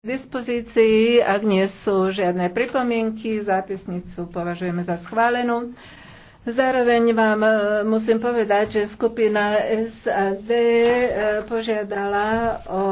K dispozícii, ak nie sú žiadne pripomienky, zápisnicu považujeme za schválenú. Zároveň vám e, musím povedať, že skupina SAD e, požiadala o